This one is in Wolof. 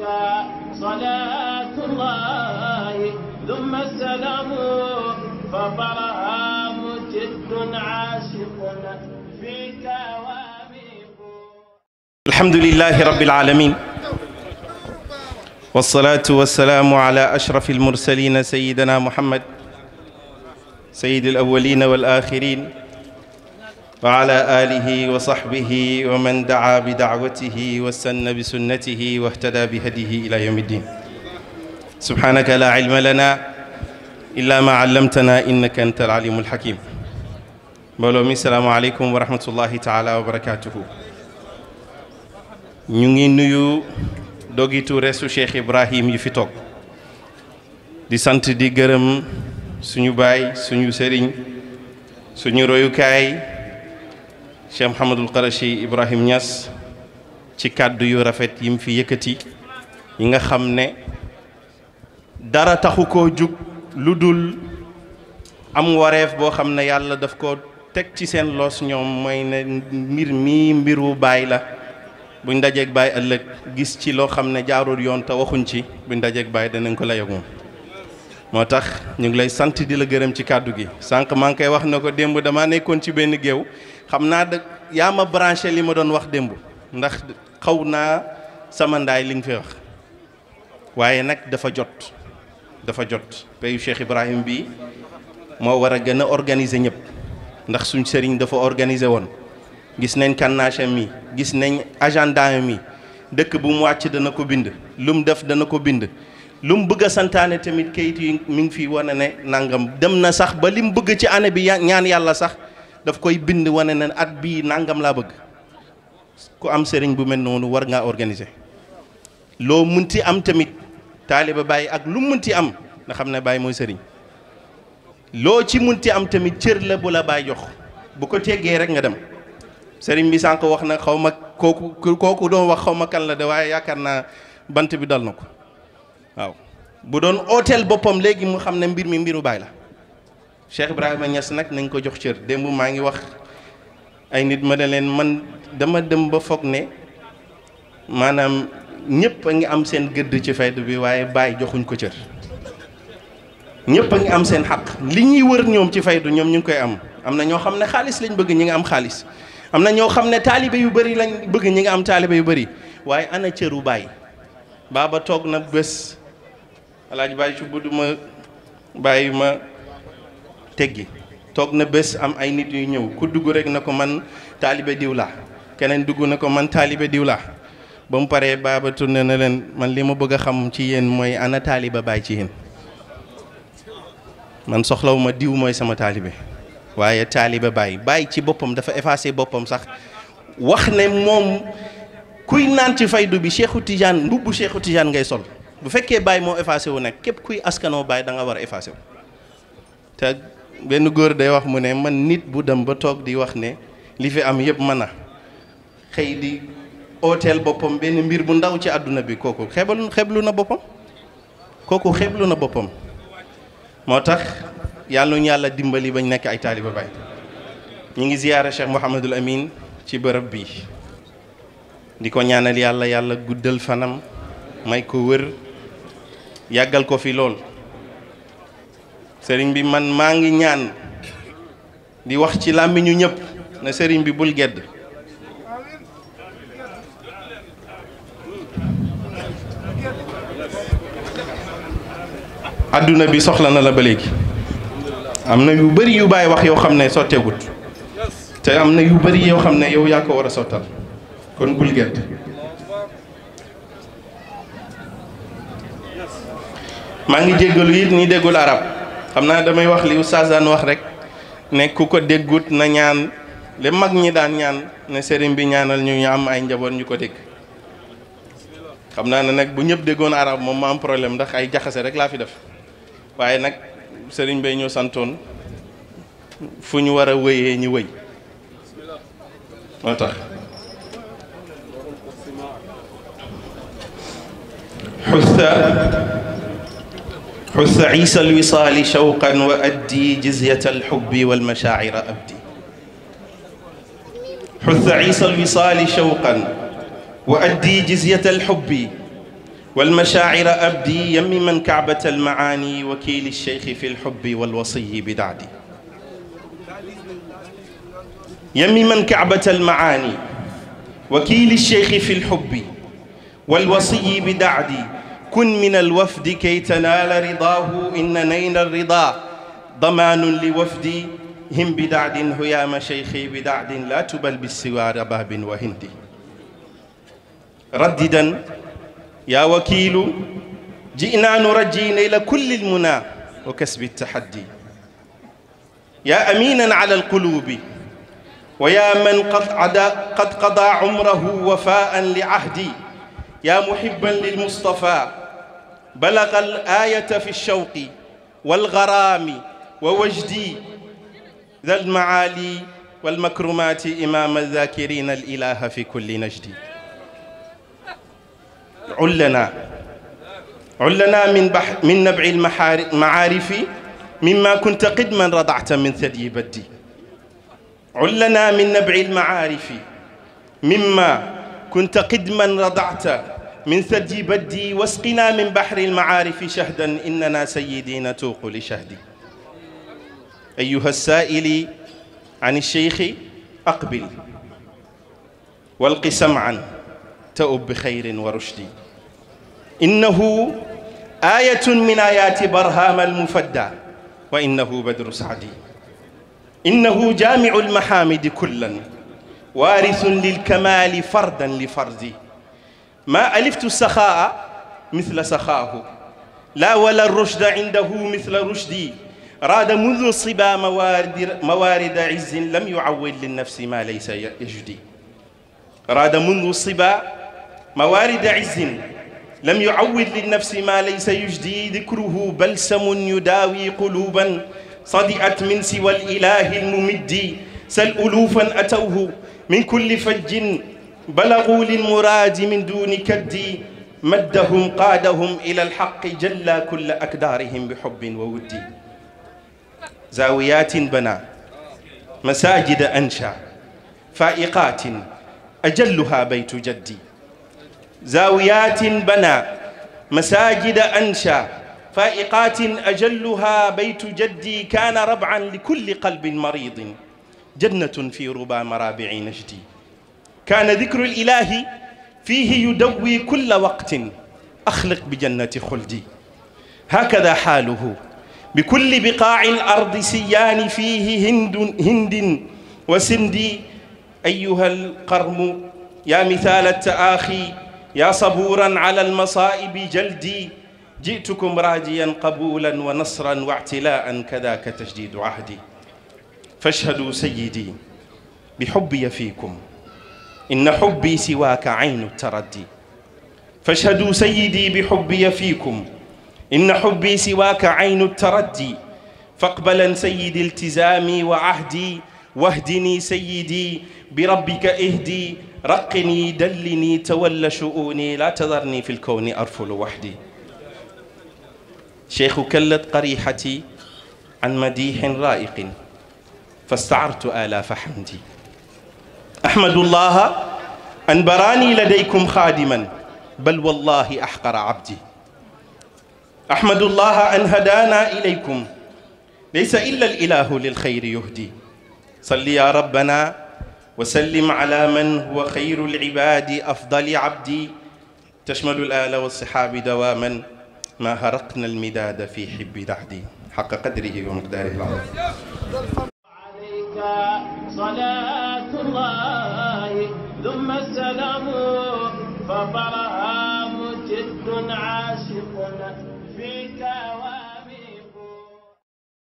عليك صلاة الله ثم السلام فبرهام جد عاشق فيك واميق الحمد لله رب العالمين والصلاة والسلام على أشرف المرسلين سيدنا محمد سيد الأولين والآخرين wa ala aalihi wa sahbihi wa man daa bi daawatihi wa sanna bi sunnatihi wa ihtada bi hadihi ila yawmi ddin subhaanaka laa ilma lanaa illaa maa allamtanaa innaka anta al-aliimu al-hakiim mbooloo mi salaamaaleykum wa rahmatullahi taala wa barakaatuhu ñu ngi nuyu dogitu resu Cheikh Ibrahim yi fi toog di sant di gërëm suñu baay suñu sëriñ suñu royukaay Cheikh Mouhamadul Qarashi Ibrahim Niass ci kàddu yu rafet yi mu fi yëkkati yi nga xam ne dara taxu ko jug lu dul am wareef boo xam ne yàlla daf ko teg ci seen loos ñoom mooy ne mbir mii wu baay la buñ dajeeg baay ëllëg gis ci loo xam ne jaarul yoon te waxuñ ci buñ dajeeg baay danañ ko layoog moom moo tax ñu ngi lay sant di la gërëm ci kàddu gi sànq maa ngi koy wax na ko démb damaa nekkoon ci benn géew xam naa da yaa ma branché li ma doon wax démb ndax xaw naa samandaay li nga fi wax waaye nag dafa jot dafa jot payu Cheikh Ibrahim bi moo war a gën a organiser ñëpp ndax suñ sëriñ dafa organiser woon gis nañ kannaache mi gis nañ agenda mi dëkk bu mu wàcc dana ko bind lu mu def dana ko bind lu mu bëgg santaane tamit kayit yi mi ngi fi wane ne nangam dem na sax ba li mu bëgg ci année bi ñaan yàlla sax daf koy bind wane na ne at bii nangam laa bëgg ku am sëriñ bu mel noonu war ngaa organiser loo munti am tamit taaliba bàyyi ak lu munti am nga xam ne bàyyi mooy sëriñ loo ci munti am tamit cër la bu la bàyyi jox bu ko teggee rek nga dem sëriñ bi sànq wax na xaw ma kooku kooku doon wax xaw ma kan la de waaye yaakaar naa bant bi dal na ko waaw bu doon ooteel boppam léegi mu xam ne mbir mi mbiru baay la Cheikh Ibrahima Niass nag nañ ko jox cër démb maa ngi wax ay nit ma ne leen man dama dem ba foog ne maanaam ñëpp a ngi am seen gëdd ci faytu bi waaye bàyyi joxuñ ko cër ñëpp a ngi am seen xaq li ñuy wër ñoom ci faydu ñoom ñu ngi koy am am na ñoo xam ne xaalis lañ bëgg ñi nga am xaalis am na ñoo xam ne taalibe yu bari lañ bëgg ñi nga am taalibe yu bari waaye ana cëru bàyyi baaba toog na bés alaaji bàyyi ci budd ma bàyyi ma teggi toog na bés am ay nit yu ñëw ku dugg rek na ko man taalibe diw laa keneen dugg na ko man taalibe diw laa ba mu paree baaba tourné na leen man li ma bëgg xam ci yéen mooy ana taaliba bàyyi ci yéen man ma diw mooy sama taalibe waaye taaliba bàyyi bàyyi ci boppam dafa effacé boppam sax wax ne moom kuy naan ci faydu bi Cheikhu Tidiane mbubbu Cheikhu Tidiane ngay sol bu fekkee baay moo effacé wu nekk képp kuy askanoo baay danga war a effacé wu benn góor day wax mu ne man nit bu dem ba toog di wax ne li fi am yëpp mën a xëy di ooteel boppam benn mbir bu ndaw ci àdduna bi kooku xebalu xeblu na boppam kooku xeblu na boppam moo tax yàlla ñu yàlla dimbali bañ nekk ay taaliba Baay ngi ziyaara Cheikh Mouhamadul Amin ci bërëb bi di ko ñaanal yàlla yàlla guddal fanam may ko wër yàggal ko fi lool sëriñ bi man maa ngi ñaan di wax ci làmmiñu ñëpp na sëriñ bi bul gedd àdduna bi soxla na la ba léegi am na yu bari yu bàyyi wax yoo xam ne sotteegut te am na yu bari yoo xam ne yow yaa ko war a sottal kon bul gedd maa ngi jéggalu it ñi déggul arab xam naa damay wax li oustaz wax rek ne ku ko déggut na ñaan li mag ñi daan ñaan ne sëriñ bi ñaanal ñu ñu am ay njaboot ñu ko dégg xam naa ne nag bu ñëpp déggoon arab moom ma am problème ndax ay jaxase rek laa fi def waaye nag sëriñ bay ñoo santoon fu ñu war a wéyee ñu wëy moo tax xus isa alwisaali shawqan wa addi jizyat alxubbi walmashaacira abdi xus isa alwisaali shawqan wa addi jizyat alxubbi والمشاعر أبدي يمما كعبة المعاني وكيل الشيخ في الحب والوصي بدعدي يمما كعبة المعاني وكيل الشيخ في الحب والوصي بدعدي kun min alwafdi kay tanaala ridaahu inna nayla ridaa damaanun li wafdi him bidaadin huyaama cheikhi bidaadin laa tubal bisiwaara baabin wa hindi raddidan yaa wakiilu jinaa nurajji nayla kulli lmunaa wa kasbi attahaddi yaa aminan ala alquluubi wa yaa man qad qadaa umrahu wafaan li ahdi yaa muhibban lilmustafaa بلغ الآية في الشوق والغرام ووجدي ذا المعالي والمكرمات إمام الذاكرين الإله في كل نجد علنا علنا من بح من نبع المعارف مما كنت قدما رضعت من ثدي بدي علنا من نبع المعارف مما كنت قدما رضعت min sadji baddi wasqina min bahri almaarifi shahdan innana sayidi natuuqu li shahdi ayuha saa'ili an alcheikhi aqbil walqi sam'an ta'ub bi xayrin wa rushdi innahu aayatun min aayaati barhaama almufadda wa innahu badru saadi innahu jaamicu almahaamidi kullan waarisun lilkamaali fardan li fardi ma aliftu saxaa mithla saxaahu laa wala rushda indahu mithla rushdi raada mundu siba mawaaridi mawaarida izzin lam yuawwil li nafsi ma laysa yajdi raada mundu siba mawaarida izzin lam yuawwil li nafsi ma laysa yujdi dikruhu balsamun yudaawi quluuban sadi'at min siwa al ilaahi al mumiddi sal uluufan atawhu min kulli fajjin بلغوا للمراد من دون كد مدهم قادهم إلى الحق جلى كل أكدارهم بحب وود زاويات بنى مساجد أنشا فائقات أجلها بيت جدي زاويات بنى مساجد أنشا فائقات أجلها بيت جدي كان ربعا لكل قلب مريض جنة في ربى مرابع نجدي kaana dikrul ilaahi fiihi yudawi kulla waqtin axliq bi jannati xuldi hakada xaaluhu bi kulli biqaaci alardi siyaani fiihi hindun hindin wa sindi ayuha alqarmu yaa mithaala taaxi yaa sabuuran ala almasaa'ibi jaldi ji'tukum raajiyan qabuulan wa nasran wa ictilaa'an kadaaka tajdiidu ahdi fashhadu sayyidi bi xubbiya fiikum inna xubbi siwaaka aynu taraddi fashhadu sayyidi bi xubbiya fiikum inna xubbi siwaaka aynu taraddi faqbalan sayyidi iltizaami wa ahdi wahdini sayyidi bi rabbika ihdi raqini dallini tawalla shu'uuni laa tadarni fi lkawni arfulu wahdi cheikhu kallat qariixati an madiixin raa'iqin fastaartu aalaafa hamdi ahmadullaha an baraani ladaykum xaadiman bal wallahi ahqara abdi ahmadullaha an hadaana ilaykum laysa illa al ilahu lil xayri yuhdi salli ya rabbana wa sallim ala man huwa xayru al ibadi afdali abdi tashmalu al ala wa sahaabi dawaaman ma haraqna al midaada fi hibbi dahdi حق قدره ومقداره العظيم عليك صلاة الله تم السلام فطرح